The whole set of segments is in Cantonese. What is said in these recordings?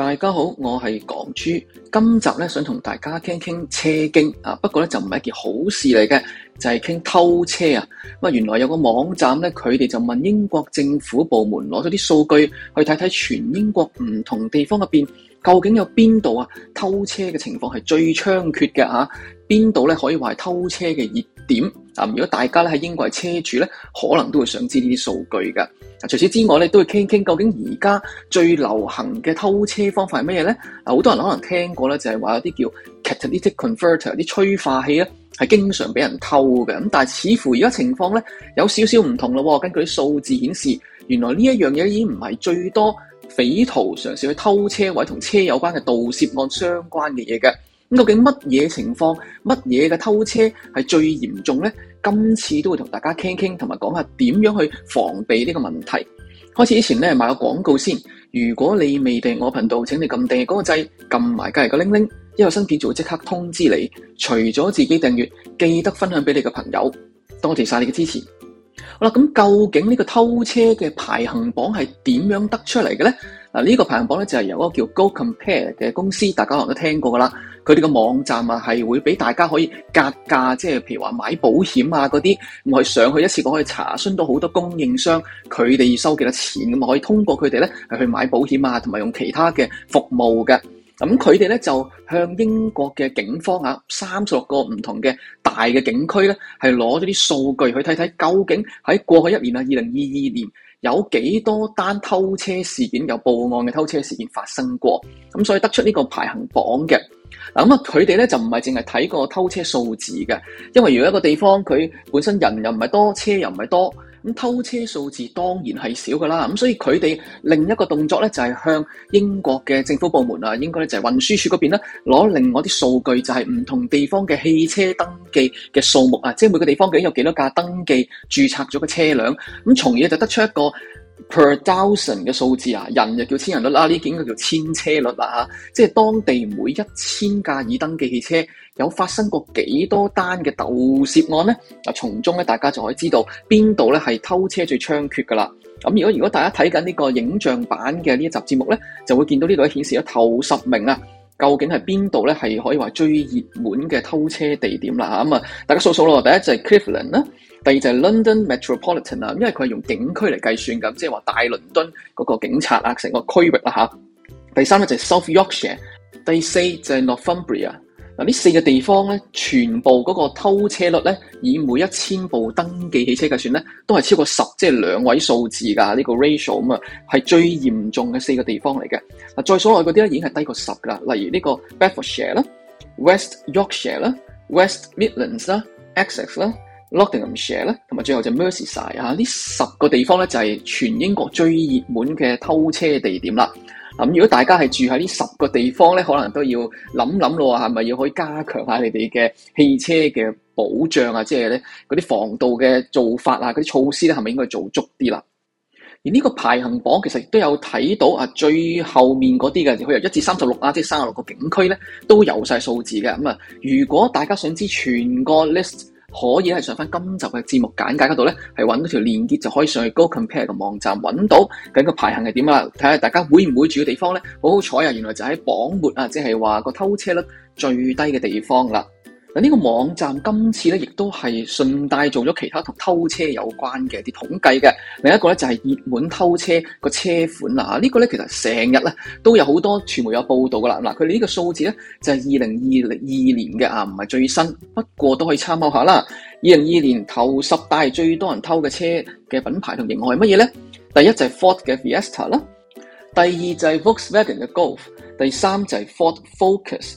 大家好，我係港豬。今集咧想同大家傾傾車經啊，不過咧就唔係一件好事嚟嘅，就係傾偷車啊。咁啊，原來有個網站咧，佢哋就問英國政府部門攞咗啲數據，去睇睇全英國唔同地方入邊究竟有邊度啊偷車嘅情況係最猖獗嘅啊，邊度咧可以話係偷車嘅熱點。啊！如果大家咧喺英國係車主咧，可能都會想知呢啲數據噶。啊，除此之外咧，都會傾傾究竟而家最流行嘅偷車方法係咩咧？啊，好多人可能聽過咧，就係話有啲叫 catalytic converter 啲催化器咧，係經常俾人偷嘅。咁但係似乎而家情況咧有少少唔同咯。根據啲數字顯示，原來呢一樣嘢已經唔係最多匪徒嘗試去偷車位同車有關嘅盜竊案相關嘅嘢嘅。咁究竟乜嘢情況，乜嘢嘅偷車係最嚴重呢？今次都會同大家傾傾，同埋講下點樣去防備呢個問題。開始之前呢，買個廣告先。如果你未訂我頻道，請你撳訂嗰個掣，撳埋隔籬個鈴鈴，一有新片就會即刻通知你。除咗自己訂閱，記得分享俾你嘅朋友。多謝晒你嘅支持。好啦，咁究竟呢個偷車嘅排行榜係點樣得出嚟嘅咧？嗱，呢個排行榜咧就係由一個叫 Go Compare 嘅公司，大家可能都聽過噶啦。佢哋嘅網站啊係會俾大家可以格價，即係譬如話買保險啊嗰啲，咁去上去一次過可以查詢到好多供應商，佢哋要收幾多錢，咁可以通過佢哋咧去買保險啊，同埋用其他嘅服務嘅。咁佢哋咧就向英國嘅警方啊，三十六個唔同嘅大嘅警區咧，係攞咗啲數據去睇睇，究竟喺過去一年啊，二零二二年有幾多單偷車事件有報案嘅偷車事件發生過。咁所以得出呢個排行榜嘅。嗱，咁啊佢哋咧就唔係淨係睇個偷車數字嘅，因為如果一個地方佢本身人又唔係多，車又唔係多。咁偷車數字當然係少㗎啦，咁所以佢哋另一個動作咧就係向英國嘅政府部門啊，應該咧就係運輸署嗰邊咧攞另外啲數據，就係唔同地方嘅汽車登記嘅數目啊，即係每個地方究竟有幾多架登記註冊咗嘅車輛，咁從而就得出一個 Per thousand 嘅數字啊，人就叫千人率啦、啊，呢件嘅叫千車率啦、啊、嚇，即係當地每一千架已登記汽車有發生過幾多單嘅盜竊案呢？嗱，從中咧大家就可以知道邊度咧係偷車最猖獗噶啦。咁如果如果大家睇緊呢個影像版嘅呢一集節目呢，就會見到呢度咧顯示咗頭十名啊，究竟係邊度呢？係可以話最熱門嘅偷車地點啦。咁、嗯、啊，大家數數咯，第一就係 Cleveland。第二就係 London Metropolitan 啊，因為佢係用警區嚟計算㗎，即係話大倫敦嗰個警察啊，成個區域啦、啊、嚇。第三咧就係 South Yorkshire，第四就係 Northumbria 嗱。呢四個地方咧，全部嗰個偷車率咧，以每一千部登記汽車計算咧，都係超過十，即係兩位數字㗎呢、呢個 ratio 咁啊，係最嚴重嘅四個地方嚟嘅嗱。再所謂嗰啲咧已經係低過十㗎，例如呢個 Bedfordshire West Yorkshire、West Midlands 啦、Essex 啦。Lockinghamshire 咧，同埋最後就 Merseyside 呢、啊、十個地方咧就係、是、全英國最熱門嘅偷車地點啦。咁、啊、如果大家係住喺呢十個地方咧，可能都要諗諗咯喎，係咪要可以加強下你哋嘅汽車嘅保障啊？即係咧嗰啲防盜嘅做法啊，嗰啲措施咧，係咪應該做足啲啦？而呢個排行榜其實亦都有睇到啊，最後面嗰啲嘅，佢有一至三十六啊，即係三十六個警區咧都有晒數字嘅。咁啊，如果大家想知全個 list，可以係上翻今集嘅節目簡介嗰度咧，係揾到條連結就可以上去 GoCompare 嘅網站揾到，究竟個排行係點啊？睇下大家會唔會住嘅地方咧，好好彩啊！原來就喺榜末啊，即係話個偷車率最低嘅地方啦。嗱，呢個網站今次咧，亦都係順帶做咗其他同偷車有關嘅啲統計嘅。另一個咧就係、是、熱門偷車個車款啦。啊這個、呢個咧其實成日咧都有好多傳媒有報道噶啦。嗱，佢哋呢個數字咧就係二零二二年嘅啊，唔係、就是啊、最新，不過都可以參考一下啦。二零二二年頭十大最多人偷嘅車嘅品牌同型號係乜嘢咧？第一就係 Ford 嘅 Fiesta 啦、啊，第二就係 Volkswagen 嘅 Golf，第三就係 Ford Focus。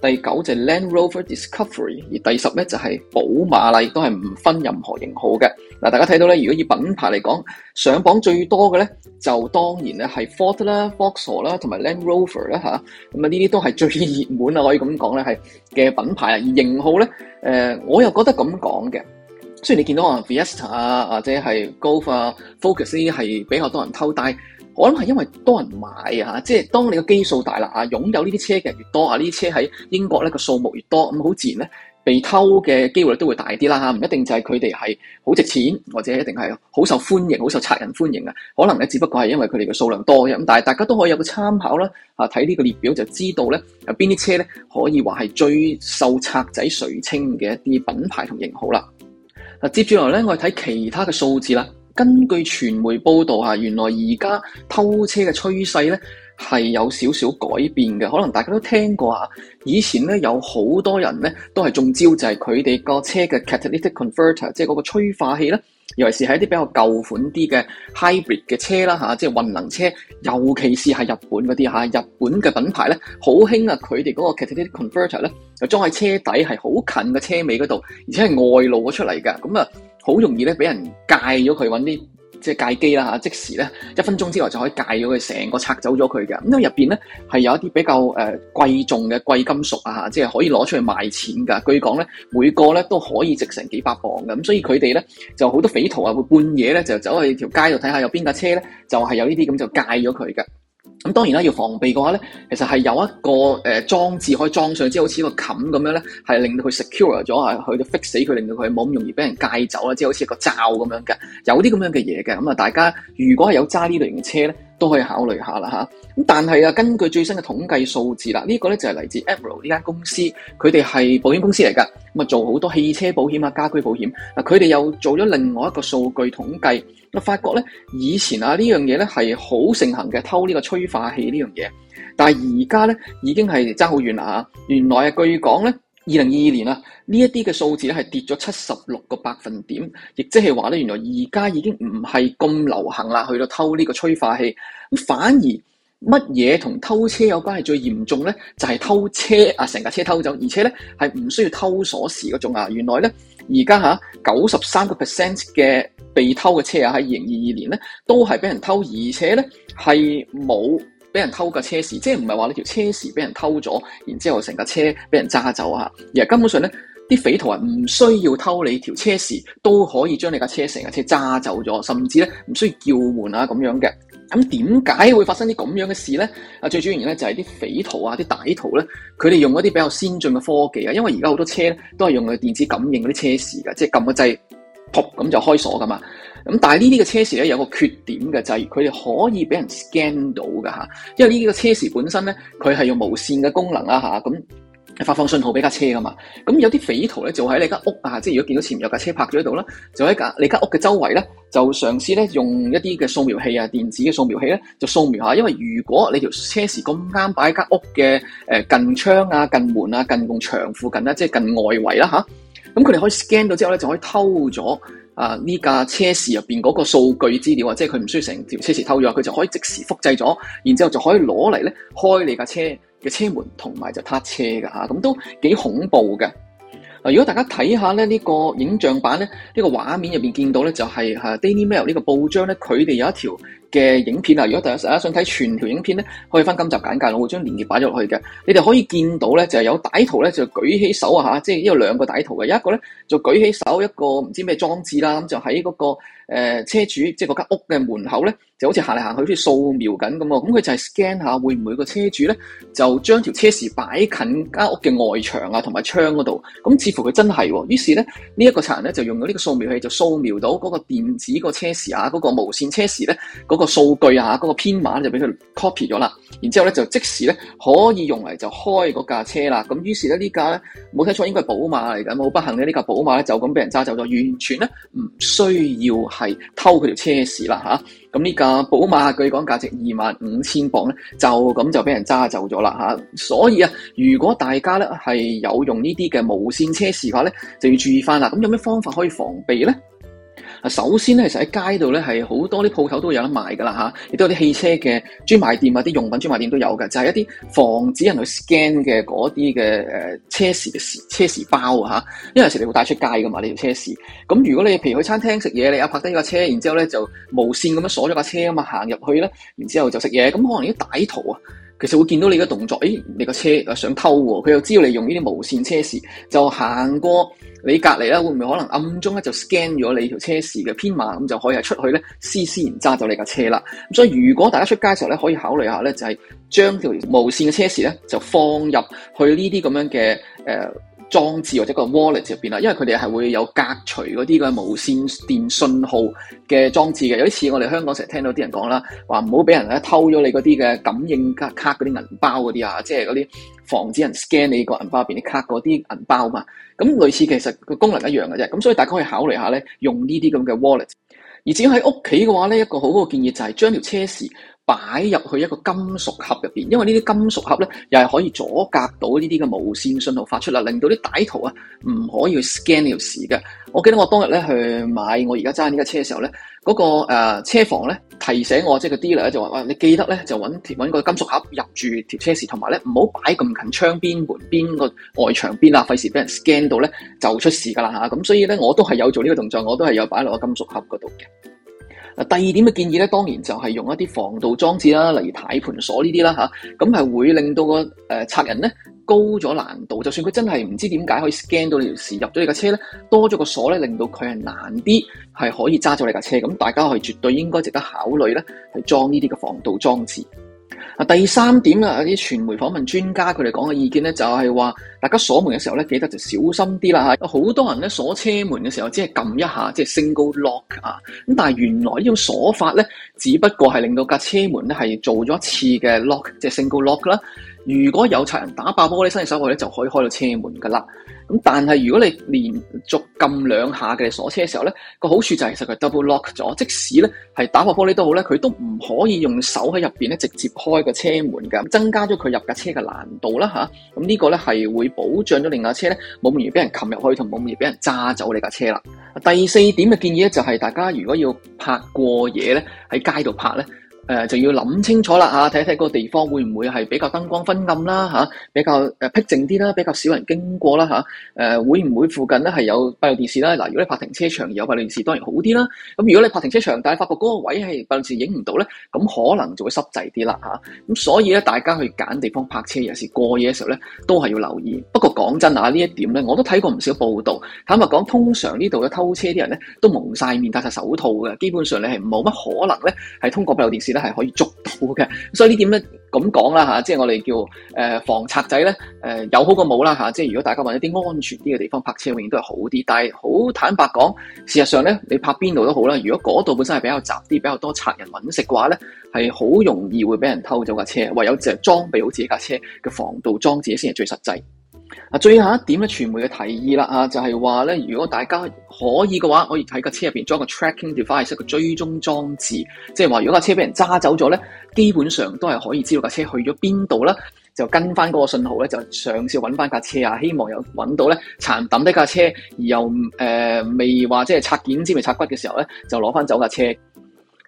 第九就係 Land Rover Discovery，而第十咧就係寶馬，例都係唔分任何型號嘅。嗱，大家睇到咧，如果以品牌嚟講，上榜最多嘅咧，就當然咧係 Ford 啦、Boxer 啦、同埋 Land Rover 啦，嚇，咁啊，呢啲都係最熱門啊，可以咁講咧，係嘅品牌啊。而型號咧，誒，我又覺得咁講嘅。雖然你見到啊 Fiesta 啊，Fiesta，或者係 Golf 啊、Focus 呢，係比較多人偷帶，但我諗係因為多人買啊，即係當你個基數大啦啊，擁有呢啲車嘅人越多啊，呢啲車喺英國咧個數目越多，咁好自然咧，被偷嘅機會率都會大啲啦吓，唔一定就係佢哋係好值錢，或者一定係好受歡迎，好受賊人歡迎啊，可能咧只不過係因為佢哋嘅數量多嘅，咁但係大家都可以有個參考啦，啊睇呢個列表就知道咧，有邊啲車咧可以話係最受賊仔垂青嘅一啲品牌同型號啦。嗱，接住落嚟咧，我哋睇其他嘅數字啦。根據傳媒報導，原來而家偷車嘅趨勢咧係有少少改變嘅，可能大家都聽過以前咧有好多人咧都係中招，就係佢哋個車嘅 catalytic converter，即係嗰個催化器咧，尤其係一啲比較舊款啲嘅 hybrid 嘅車啦嚇，即係混能車，尤其是係日本嗰啲日本嘅品牌咧好興啊，佢哋嗰個 catalytic converter 咧就裝喺車底係好近嘅車尾嗰度，而且係外露咗出嚟㗎，咁啊。好容易咧，俾人戒咗佢，搵啲即係戒機啦嚇，即時咧一分鐘之內就可以戒咗佢，成個拆走咗佢嘅。咁入面咧係有一啲比較誒貴重嘅貴金屬啊，即係可以攞出去賣錢噶。據講咧每個咧都可以值成幾百鎊㗎。咁，所以佢哋咧就好多匪徒啊，會半夜咧就走去條街度睇下有邊架車咧，就係有呢啲咁就戒咗佢㗎。咁當然啦，要防備嘅話咧，其實係有一個誒呃、裝置可以裝上去，即係好似個冚咁樣咧，係令到佢 secure 咗佢去到 fix 死佢，令到佢冇咁容易俾人戒走啦，即係好似一個罩咁樣嘅，有啲咁樣嘅嘢嘅。咁、嗯、啊，大家如果係有揸呢類型嘅車咧。都可以考慮下啦嚇，咁但係啊，根據最新嘅統計數字啦，呢個咧就係嚟自 Avro 呢間公司，佢哋係保險公司嚟噶，咁啊做好多汽車保險啊、家居保險，嗱佢哋又做咗另外一個數據統計，啊發覺咧以前啊呢樣嘢咧係好盛行嘅，偷呢個催化器呢樣嘢，但係而家咧已經係爭好遠啦嚇，原來啊據講咧。二零二二年啊，呢一啲嘅數字咧係跌咗七十六個百分點，亦即係話咧，原來而家已經唔係咁流行啦，去到偷呢個催化器。咁反而乜嘢同偷車有關係最嚴重咧？就係、是、偷車啊，成架車偷走，而且咧係唔需要偷鎖匙嗰種啊。原來咧，而家嚇九十三個 percent 嘅被偷嘅車啊，喺二零二二年咧都係俾人偷，而且咧係冇。俾人偷架車匙，即係唔係話你條車匙俾人偷咗，然之後成架車俾人揸走啊！而係根本上咧，啲匪徒係唔需要偷你條車匙，都可以將你架車成架車揸走咗，甚至咧唔需要叫喚啊咁樣嘅。咁點解會發生啲咁樣嘅事咧？啊，最主要原因咧就係啲匪徒啊、啲歹徒咧，佢哋用一啲比較先進嘅科技啊，因為而家好多車咧都係用嘅電子感應嗰啲車匙噶，即係撳個掣。撲咁就開鎖噶嘛，咁但係呢啲嘅車匙咧有個缺點嘅就係、是、佢哋可以俾人 scan 到㗎。因為呢啲嘅車匙本身咧佢係用無線嘅功能啊嚇，咁發放信號俾架車噶嘛，咁有啲匪徒咧就喺你間屋啊，即係如果見到前面有架車泊咗喺度啦，就喺架你間屋嘅周圍咧就嘗試咧用一啲嘅掃描器啊，電子嘅掃描器咧就掃描下。因為如果你條車匙咁啱擺喺間屋嘅誒近窗啊近門啊近共牆附近咧，即近外圍啦、啊咁佢哋可以 scan 到之後咧，就可以偷咗啊呢架車匙入邊嗰個數據資料啊，即係佢唔需要成條車匙偷咗，佢就可以即時複製咗，然之後就可以攞嚟咧開你架車嘅車門同埋就撻車噶吓，咁、啊、都幾恐怖嘅。嗱、啊，如果大家睇下咧呢、呢個影像版咧，呢、呢個畫面入邊見到咧就係、是、Daily Mail 呢個報章咧，佢哋有一條。嘅影片啊！如果大家想睇全條影片咧，可以翻今集簡介，我會將連結擺咗落去嘅。你哋可以見到咧，就係有歹徒咧就舉起手啊吓，即係有兩個歹徒嘅，有一個咧就舉起手一個唔知咩裝置啦，咁就喺嗰個誒車主即係嗰間屋嘅門口咧，就好似行嚟行去，好似掃描緊咁喎。咁佢就係 scan 下會唔會個車主咧就將條車匙擺近間屋嘅外牆啊同埋窗嗰度？咁似乎佢真係喎，於是咧呢一個賊咧就用咗呢個掃描器就掃描到嗰個電子個車匙啊，嗰個無線車匙咧嗰個數據啊，嗰、嗰個編碼咧就俾佢 copy 咗啦，然之後咧就即時咧可以用嚟就開嗰架車啦。咁於是咧呢架咧冇睇錯，應該係寶馬嚟㗎。好不幸咧呢架寶馬咧就咁俾人揸走咗，完全咧唔需要係偷佢條車匙啦吓。咁、啊、呢架寶馬據講價值二萬五千磅咧，就咁就俾人揸走咗啦吓。所以啊，如果大家咧係有用呢啲嘅無線車匙嘅話咧，就要注意翻啦。咁有咩方法可以防備咧？啊，首先咧，其實喺街度咧係好多啲鋪頭都有得賣㗎啦嚇，亦都有啲汽車嘅專賣店啊，啲用品專賣店都有嘅，就係一啲防止人去 scan 嘅嗰啲嘅誒車匙嘅匙車匙包啊嚇，因為有時你會帶出街㗎嘛，呢條車匙。咁如果你譬如去餐廳食嘢，你阿拍低依架車，然之後咧就無線咁樣鎖咗架車啊嘛，行入去咧，然之後就食嘢，咁可能啲歹徒啊～其實會見到你嘅動作，誒，你個車想偷喎，佢又知道你用呢啲無線車匙，就行過你隔籬啦，會唔會可能暗中咧就 scan 咗你條車匙嘅編碼，咁就可以係出去咧，施施然揸走你架車啦。咁所以如果大家出街嘅時候咧，可以考慮下咧，就係將條無線嘅車匙咧，就放入去呢啲咁樣嘅誒。呃裝置或者個 wallet 入面啦，因為佢哋係會有隔除嗰啲嘅無線電信號嘅裝置嘅。有啲似我哋香港成日聽到啲人講啦，話唔好俾人咧偷咗你嗰啲嘅感應卡卡嗰啲銀包嗰啲啊，即係嗰啲防止人 scan 你個銀包入邊啲卡嗰啲銀包嘛。咁類似其實個功能一樣嘅啫。咁所以大家可以考慮下咧，用呢啲咁嘅 wallet。而至於喺屋企嘅話咧，一個好嘅建議就係將條車匙。擺入去一個金屬盒入面，因為屬呢啲金屬盒咧，又係可以阻隔到呢啲嘅無線信號發出啦，令到啲歹徒啊唔可以去 scan 呢條匙嘅。我記得我當日咧去買我而家揸呢架車嘅時候咧，嗰、那個誒、呃、車房咧提醒我，即係個 dealer 就話、啊，你記得咧就揾揾個金屬盒入住條車匙，同埋咧唔好擺咁近窗邊、門邊個外牆邊啦，費事俾人 scan 到咧就出事㗎啦嚇。咁所以咧我都係有做呢個動作，我都係有擺落個金屬盒嗰度嘅。第二點嘅建議咧，當然就係用一啲防盜裝置啦，例如呔盤鎖呢啲啦嚇，咁係會令到個誒賊人咧高咗難度，就算佢真係唔知點解可以 scan 到你條匙入咗你架車咧，多咗個鎖咧，令到佢係難啲，係可以揸走你架車。咁大家係絕對應該值得考慮咧，去裝呢啲嘅防盜裝置。啊，第三點啦，有啲傳媒訪問專家佢哋講嘅意見咧，就係話，大家鎖門嘅時候咧，記得就小心啲啦吓。好多人咧鎖車門嘅時候，只係撳一下，即係 single lock 啊。咁但係原來呢種鎖法咧，只不過係令到架車門咧係做咗一次嘅 lock，即係 single lock 啦。如果有賊人打爆玻璃，伸隻手去咧，就可以開到車門噶啦。咁但係如果你連續撳兩下嘅鎖車嘅時候咧，個好處就係其實佢 double lock 咗，即使咧係打破玻璃都好咧，佢都唔可以用手喺入邊咧直接開個車門噶，增加咗佢入架車嘅難度啦吓。咁呢個咧係會保障咗另架車咧冇容易俾人擒入去，同冇容易俾人揸走你架車啦。第四點嘅建議咧就係大家如果要泊過夜咧喺街度泊咧，誒、呃，就要諗清楚啦，睇一睇嗰個地方會唔會係比較燈光昏暗啦、啊、比較誒僻、呃、靜啲啦，比較少人經過啦嚇。誒、啊，會唔會附近咧係有閉路電視啦？嗱、呃，如果你拍停車場有閉路電視，當然好啲啦。咁如果你拍停車場，但係發覺嗰個位係閉路電視影唔到咧，咁可能就會濕滯啲啦咁、啊、所以咧，大家去揀地方泊車，有時過夜嘅時候咧，都係要留意。不過講真啊，呢一點咧，我都睇過唔少報道。坦白講，通常呢度嘅偷車啲人咧，都蒙晒面、戴晒手套嘅，基本上你係冇乜可能咧，係通過閉路電視係可以捉到嘅，所以這點呢點咧，咁講啦吓，即係我哋叫誒、呃、防賊仔咧，誒、呃、有好過冇啦吓，即係如果大家搵一啲安全啲嘅地方泊車，永遠都係好啲。但係好坦白講，事實上咧，你泊邊度都好啦，如果嗰度本身係比較雜啲，比較多賊人搵食嘅話咧，係好容易會俾人偷走架車。唯有淨係裝備好自己架車嘅防盜裝置先係最實際。啊，最後一點咧，傳媒嘅提議啦，啊，就係話咧，如果大家可以嘅話，可以喺架車入邊裝個 tracking device，一個追蹤裝置，即係話如果架車俾人揸走咗咧，基本上都係可以知道架車去咗邊度啦，就跟翻嗰個信號咧，就嘗試揾翻架車啊，希望有揾到咧殘抌的架車，而又誒、呃、未話即係拆件之未拆骨嘅時候咧，就攞翻走架車。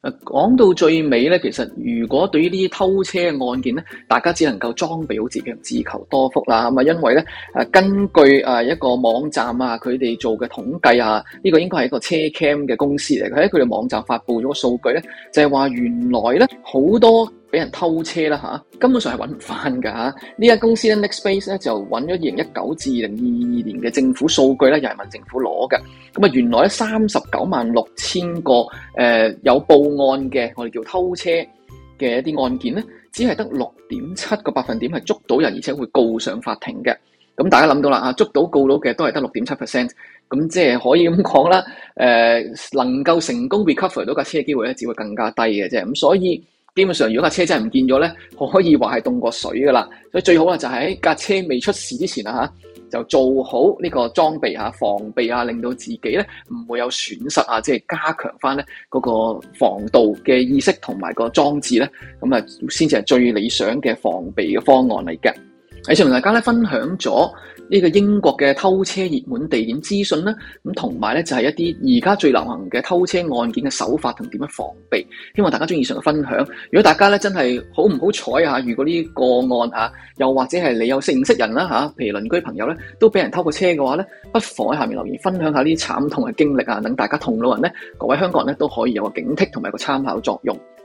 誒，講到最尾咧，其實如果對於呢啲偷車嘅案件咧，大家只能夠裝備好自己，自求多福啦。咁啊，因為咧誒，根據誒一個網站啊，佢哋做嘅統計啊，呢個應該係一個車 cam 嘅公司嚟，佢喺佢哋網站發佈咗個數據咧，就係話原來咧好多俾人偷車啦嚇，根本上係揾唔翻嘅嚇。呢間公司咧，NextSpace 咧就揾咗二零一九至二零二二年嘅政府數據咧，又係問政府攞嘅。咁啊，原來咧三十九萬六千個誒、呃、有報案嘅，我哋叫偷車嘅一啲案件咧，只係得六點七個百分點係捉到人，而且會告上法庭嘅。咁大家諗到啦啊，捉到告到嘅都係得六點七 percent。咁即係可以咁講啦。誒、呃，能夠成功 recover 到架車嘅機會咧，只會更加低嘅啫。咁所以。基本上，如果架車真係唔見咗咧，可以話係凍過水噶啦，所以最好啊，就係喺架車未出事之前啊，就做好呢個裝備嚇防備啊，令到自己咧唔會有損失啊，即係加強翻咧嗰個防盜嘅意識同埋個裝置咧，咁啊，先至係最理想嘅防備嘅方案嚟嘅。喺上同大家咧分享咗呢個英國嘅偷車熱門地點資訊啦，咁同埋咧就係一啲而家最流行嘅偷車案件嘅手法同點樣防備，希望大家中意上嘅分享。如果大家咧真係好唔好彩呀，如果呢個案呀，又或者係你有識唔識人啦吓，譬如鄰居朋友咧都俾人偷過車嘅話咧，不妨喺下面留言分享下呢啲慘痛嘅經歷啊，等大家同路人咧，各位香港人咧都可以有個警惕同埋個參考作用。